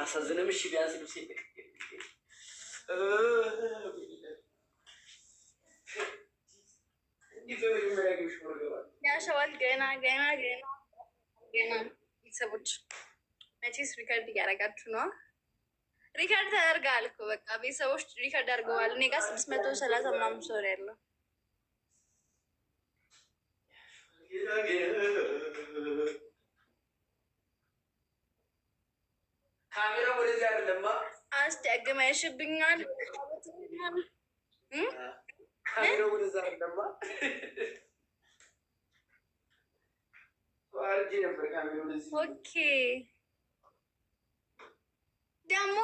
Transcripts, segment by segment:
አላሳዝንም። እሺ ቢያንስ ልብስ ያሸዋል። ገና ገና ገና ገና ቤተሰቦች መቼስ ሪከርድ እያደረጋችሁ ነው። ሪከርድ ተደርጋል እኮ በቃ ቤተሰቦች ሪከርድ አድርገዋል። እኔ ጋር ስድስት መቶ ሰላሳ ምናምን ሰው ያለው አስደግመሽብኛል። ኦኬ ደግሞ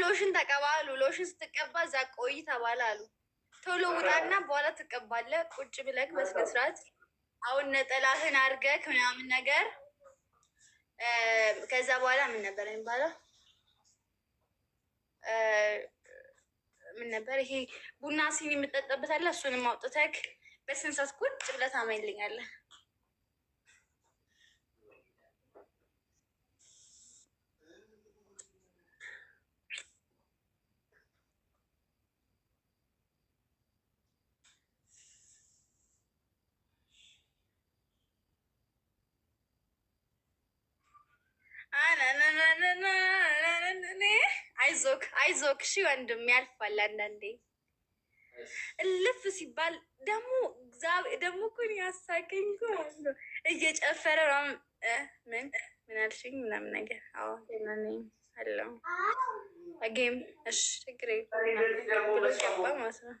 ሎሽን ተቀባሉ። ሎሽን ስትቀባ እዛ ቆይ ተባለ አሉ። ቶሎ ውጣና በኋላ ትቀባለ ቁጭ ብለክ በስነ ስርዓት አሁን ነጠላህን አድርገህ ምናምን ነገር ከዛ በኋላ ምን ነበረ የሚባለው? ምን ነበር ይሄ ቡና ሲኒ የምጠጣበት አለ። እሱንም አውጥተህ በስንት ሰዓት ቁጭ ብለህ ታመኝልኛለህ። አናናናና አይዞክ አይዞክ ሺ ወንድም ያልፋል። አንዳንዴ እልፍ ሲባል ደግሞ ደግሞ ኩን ያሳቀኝ ነው እየጨፈረ ምን ምን አልሽኝ ምናምን ነገር አዎ ነኝ አለው አጌም እሺ ችግር ማለት ነው።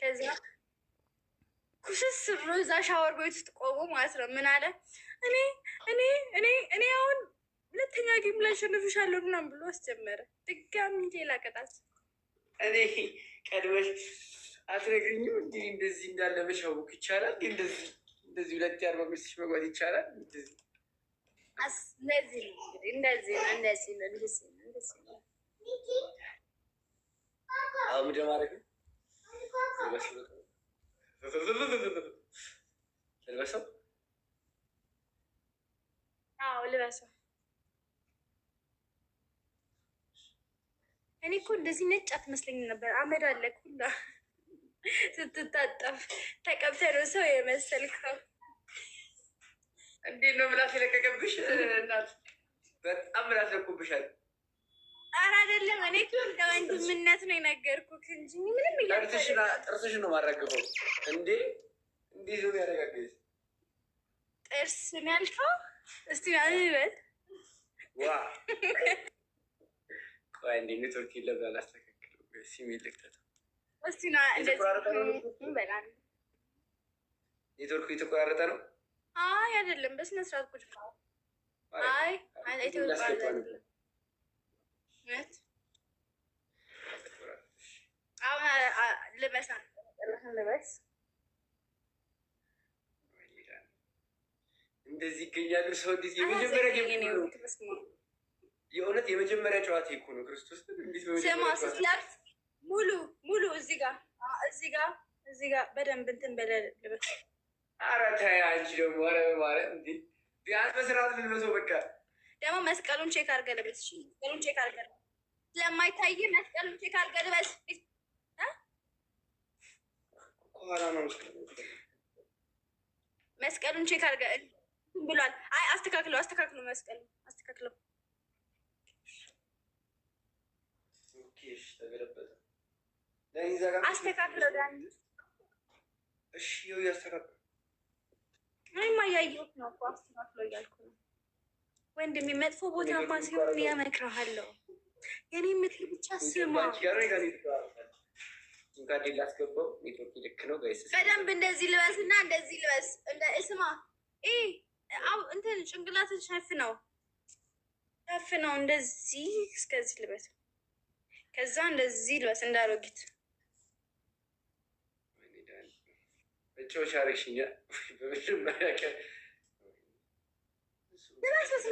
ከዚያ ኩስስ ብሎ እዛ ሻወር ቤት ውስጥ ቆሞ ማለት ነው ምን አለ እኔ እኔ እኔ እኔ አሁን ሁለተኛ ጌም ላይ አሸንፍሻለሁ ምናምን ብሎ አስጀመረ። ድጋሚ ሌላ ቅጣት። እኔ ቀድመሽ አትነግሪኝም እንዲ እንደዚህ እንዳለ መሻወቅ ይቻላል? እንደዚህ እንደዚህ ሁለት አርባ አምስት መጓዝ ይቻላል? እንደዚህ እንደዚህ እንደዚህ እንደዚህ እንደዚህ እንደዚህ አምደ ማድረግ ነው ልበሰው እኮ እንደዚህ ነጭ አትመስለኝ ነበር። አመድ አለ ሁላ ስትታጠፍ ተቀብተ ነው ሰው የመሰልከው። እንዴት ነው ምላስ የለቀቀብሽ? እናት በጣም ምላስ ለቁብሻል። ኧረ አይደለም፣ እኔ እንደ ወንድምነት ነው የነገርኩህ እንጂ ምንም ጥርስሽ ነው ማረግፈው። እንዴ እንዲ ዞ ያረጋገች ጥርስ ነው ያልከው? እስቲ ዋ እንዴ ኔትወርክ ለምን አላስተካክል ሲሚ ልክተት ኔትወርኩ የተቆራረጠ ነው። አይ አይደለም፣ በስነ ስርዓት ቁጭ አይ ልበስ እንደዚህ ይገኛሉ ሰው የእውነት የመጀመሪያ ጨዋታ እኮ ነው። ክርስቶስ ስማ ስትለብስ ሙሉ ሙሉ እዚህ ጋር እዚህ ጋር እዚህ ጋር በደንብ እንትን በለልበት። ኧረ ተይ አንቺ ደግሞ ኧረ በማርያም እንዴ! ቢያንስ በስርዓት ልልበሰው። በቃ ደግሞ መስቀሉን ቼክ አድርገህ ልበስ። እሺ መስቀሉን ቼክ አድርገህ ልበስ። ስለማይታይ መስቀሉን ቼክ አድርገህ ልበስ። ከኋላ ነው መስቀሉን ቼክ አድርገህ ብሏል። አይ አስተካክለው፣ አስተካክለው፣ መስቀሉን አስተካክለው ኬሽ ተገለበጠ። አስተካክለው ዳኒ። እሺ ይኸው እያስተካከለ እኔማ እያየሁት ነው እኮ እያልኩ ነው ወንድሜ። መጥፎ ሲሆን የኔ ምክር ብቻ ስማ። ላስገባው ኔትወርክ ልክ ነው። በደንብ እንደዚህ ልበስ እና እንደዚህ ልበስ። እንደዚህ እስከዚህ ልበስ ከዛ እንደዚህ ልበስ እንዳሮጊት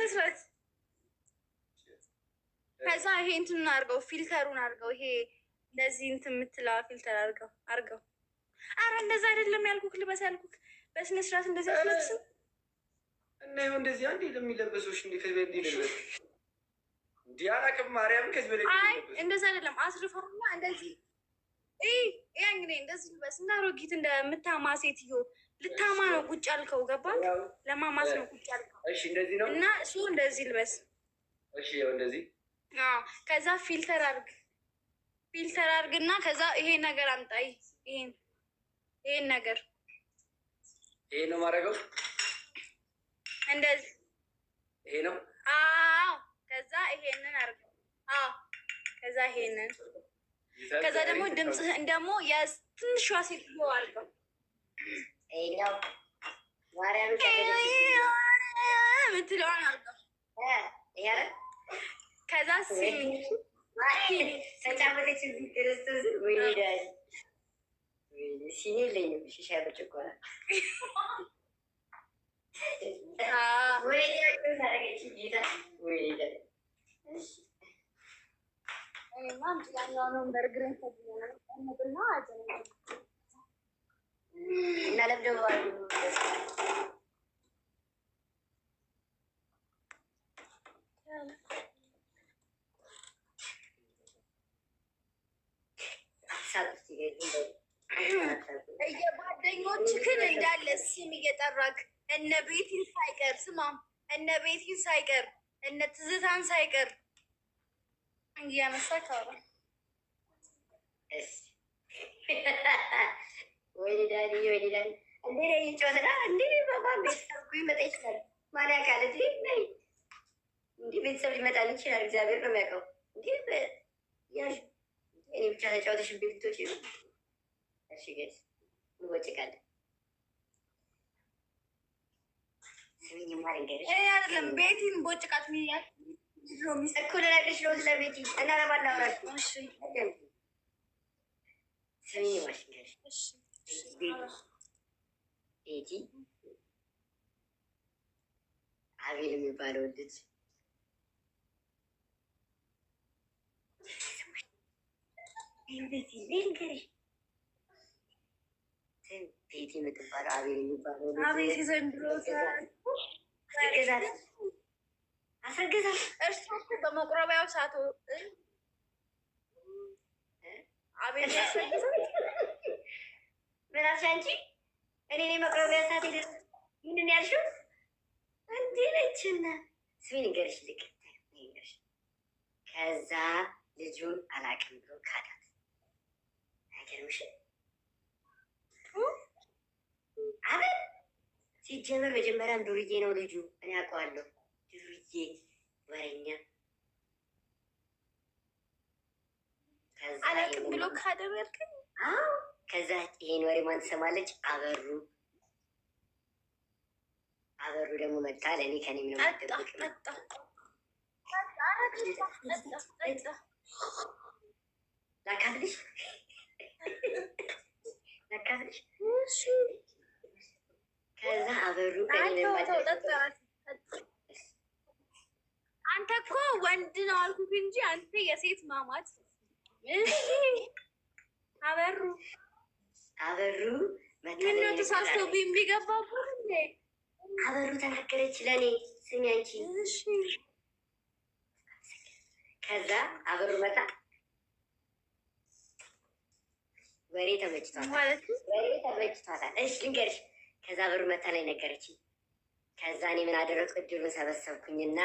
መስራት ከዛ ይሄ እንትን አርገው ፊልተሩን አርገው ይሄ እንደዚህ እንትን የምትለዋ ፊልተር አርገው አርገው። አረ እንደዛ አይደለም ያልኩክ፣ ልበስ ያልኩክ በስነ እንደዚህ አትለብስም እና ይኸው እንደዚህ አንዴ ለሚለበሶች እንዲ ከዚ ከዚህ አላቅም ማርያም ከዚህ በላይ አይ እንደዛ አይደለም። አስርፈውና እንደዚህ ያ እንግዲህ እንደዚህ ልበስ እና ሮጊት እንደምታማ ሴትዮ ልታማ ነው ቁጭ ያልከው ገባክ? ለማማስ ነው ቁጭ ያልከው። እሺ እንደዚህ ነው እና እሱ እንደዚህ ልበስ። እሺ ያው እንደዚህ አዎ ከዛ ፊልተር አርግ ፊልተር አርግና ከዛ ይሄ ነገር አምጣ። ይሄን ይሄን ነገር ይሄ ነው ማድረገው። እንደዚህ ይሄ ነው። አዎ ከዛ ይሄንን አርገ ከዛ ይሄንን ከዛ ደግሞ ድምፅህን ደግሞ የትንሿ ሴትዮ አርገው ከዛ የጓደኞችህን እንዳለ ስም እየጠራክ እነ ቤቲን ሳይቀር ስማም፣ እነ ቤቲን ሳይቀር እነ ትዝታን ሳይቀር እያነሳ ካወራ እንዴ እንዴ ቤተሰብ ይመጣ ይችላል። እንዴ ይችላል። እግዚአብሔር ነው የሚያውቀው። እንዴ እኔ ብቻ ተጫወተሽ ቤቶች እሺ፣ ገስ እንወጭቃለን አይደለም ቤቲን ቦጭቃት ሚያል ቤቲ አቤል የሚባለው ልጅ ቤቲ የምትባለው አቤል የሚባለው አስረግዛለሁ። እርሱ በመቁረቢያው ሰዓት አቤት አንቺ እኔ መቁረቢያ ሰዓት ምንድን ያልሽው? እንዲህ ነች እና ስሚ ንገርሽ ልክ ንገርሽ። ከዛ ልጁን አላቅም ብሎ ካዳት። አይገርምሽም? አቤት ሲጀመር መጀመሪያም ዱርዬ ነው ልጁ። እኔ አውቀዋለሁ። ዱርዬ ወረኛ አላውቅም ብሎ ካደበርክን ከዛ ይሄን ወሬ ማን ትሰማለች? አበሩ አበሩ ደግሞ መጣ። ለእኔ ከኔ ምንም አትጠብቅም። ላካፍልሽ ላካፍልሽ ከዛ አበሩ አንተ እኮ ወንድ ነው አልኩት እንጂ አንተ የሴት ማማት አበሩ አበሩ አበሩ ተናገረች ለእኔ ስሚ አንቺ ከዛ አበሩ መጣ ወሬ ወሬ ልንገርሽ ከዛ ብር መታ ላይ ነገረች። ከዛ እኔ ምን አደረግኩ? እድሩን ሰበሰብኩኝና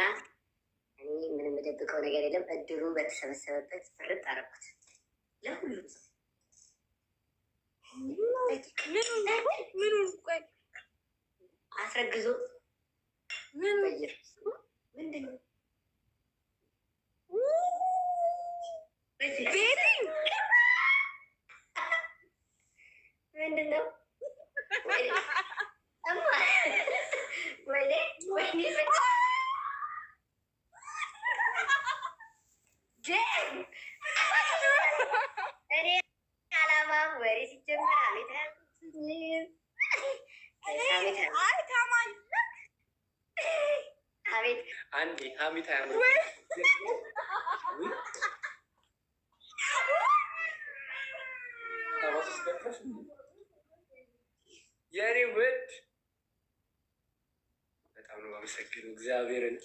እኔ ምንም የምደብቀው ነገር የለም። እድሩ በተሰበሰበበት ፍርጥ አረኩት ለሁሉም አስረግዞ ምንድነው? አቤት አቤት የኔ ውድ በጣም ነው የማመሰግነው እግዚአብሔርን።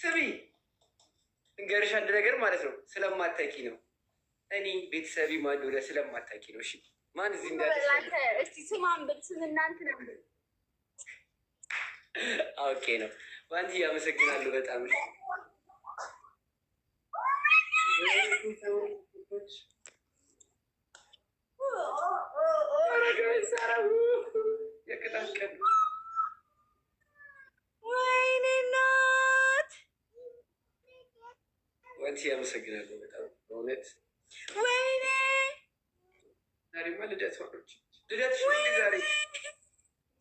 ስሚ እንገርሽ አንድ ነገር ማለት ነው ስለማታውቂ ነው እኔ ቤተሰቢ ማን እንደሆነ ስለማታውቂ ነው። እሺ ማን እዚህ እንዳለ እስቲ ስማን ብትስም እናንት ነው ኦኬ ነው ዋንቲ እያመሰግናሉ በጣም ነው ወይኔ እናት ወንት ያመሰግናለሁ። በጣም በእውነት ወይኔ ዛሬማ ልደት ሆኖች ልደትሽ ነው ዛሬ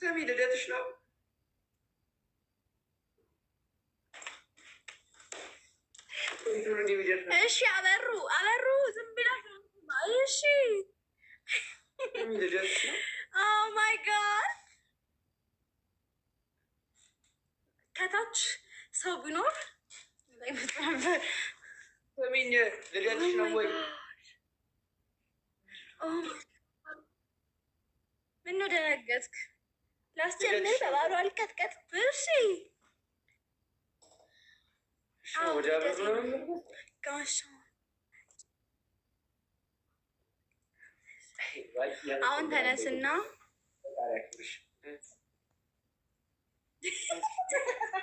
ሰሚ ልደትሽ ነው። እሺ አበሩ አበሩ ዝም ብላ እሺ ልደትሽ ነው። ኦ ማይ ጋድ ከታች ሰው ቢኖር ልደትሽ ነው ደነገጥክ? ላስጀምር አልቀጥቀጥ አሁን ተነስና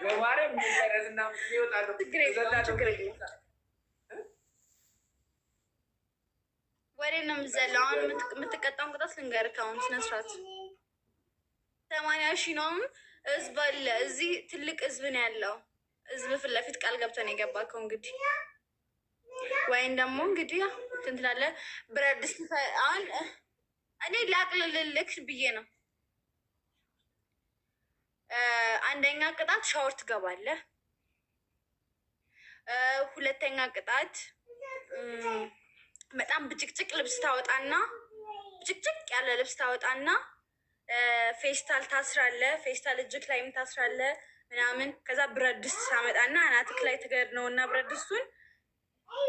ወደ ነው የምትዘለው። አሁን የምትቀጣውን ቅጣት ልንገርህ። አሁን ስነ ስርዓት ሰማንያ ሺህ ነው። ህዝብ አለ እዚህ፣ ትልቅ ህዝብ ነው ያለው። ህዝብ ፊት ለፊት ቃል ገብተህ ነው የገባከው። እንግዲህ ወይም ደግሞ እንግዲህ እንትን ትላለህ። ብረት ድስት አሁን እኔ ላቅልልልክ ብዬ ነው አንደኛ ቅጣት ሻወር ትገባለህ። ሁለተኛ ቅጣት በጣም ብጭቅጭቅ ልብስ ታወጣና ብጭቅጭቅ ያለ ልብስ ታወጣና ፌስታል ታስራለ። ፌስታል እጅግ ላይም ታስራለ ምናምን። ከዛ ብረት ድስት ታመጣና አናትክ ላይ ትገድ ነው እና ብረት ድስቱን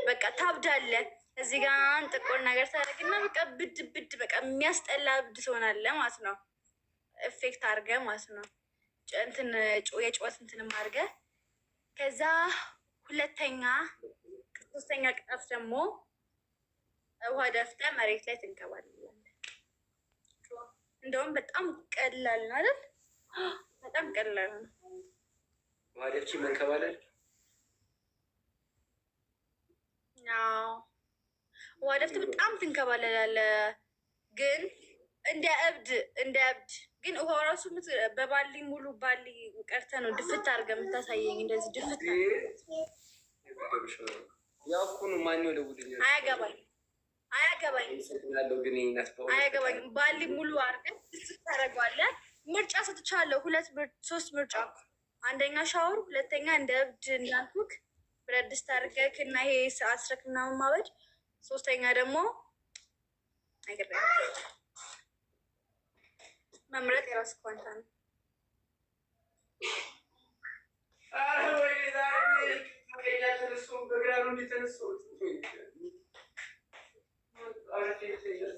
በቃ ታብዳለ። እዚህ ጋር ጥቁር ነገር ታደርግና በቃ ብድ ብድ በቃ የሚያስጠላ ብድ ትሆናለ ማለት ነው። ኤፌክት አድርገ ማለት ነው። እንትን የጭወት እንትንም አድርገህ ከዛ ሁለተኛ ሶስተኛ ቅጣት ደግሞ ውሃ ደፍተ መሬት ላይ ትንከባለላለህ። እንደውም በጣም ቀላል ነው አይደል? በጣም ቀላል ነው። ውሃ ደፍቼ መንከባለል። ውሃ ደፍተ በጣም ትንከባለላለ ግን እንደ እብድ እንደ እብድ ግን ውሃ ራሱ በባሊ ሙሉ ባሊ ቀርተ ነው ድፍት አድርገህ የምታሳየኝ። እንደዚህ ድፍት ያኩኑ ባሊ ሙሉ አድርገህ ድፍት ታደርገዋለህ። ምርጫ ሰጥቻለሁ። ሁለት ሶስት ምርጫ አንደኛ ሻወር፣ ሁለተኛ እንደ እብድ እንዳልኩህ ብረት ድስት አድርገህ እና ይሄ አስረክ ምናምን ማበድ፣ ሶስተኛ ደግሞ ነገር መምረጥ የራስ ኳንታ ነው።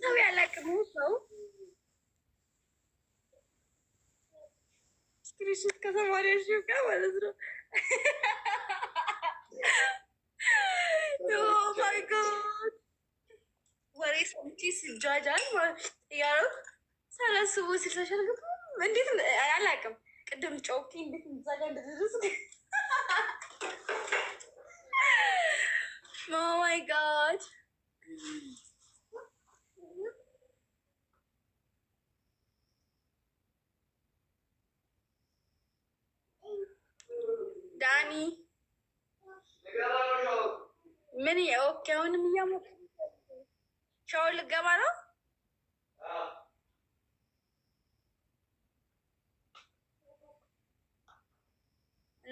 ሰው ያላቅሙ ሰው ስክሪንሾት ከተማሪዎች ጋር ማለት ነው። ማይ ጋድ ወሬ ሰምቼ ስጃጃል ያለው ሳላስቦ ሲልሳሻልግቱ እንዴት አላውቅም። ቅድም ጨውቲ እንዴት ዛጋ እንደደረስ ማይ ጋድ ዳኒ ምን ኦኬ፣ አሁንም እያሞቅ ሻወር ልገባ ነው።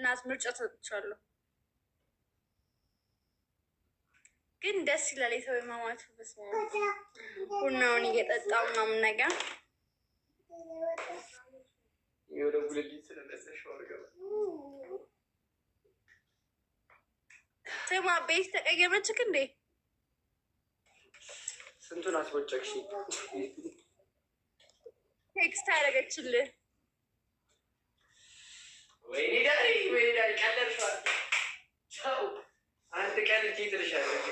እናት ምርጫ ሰጥቻለሁ። ግን ደስ ይላል የተወማማቱ ቡናውን እየጠጣ ምናምን ነገር ስማ ቤት ተቀየመችክ እንዴ? ስንቱን አስቦጨቅሽ? ቴክስት አደረገችልህ ወይኔ ዳሪ ወይኔ ዳሪ ቀለድሽዋል። አንድ ቀን እጅ ትልሻለች።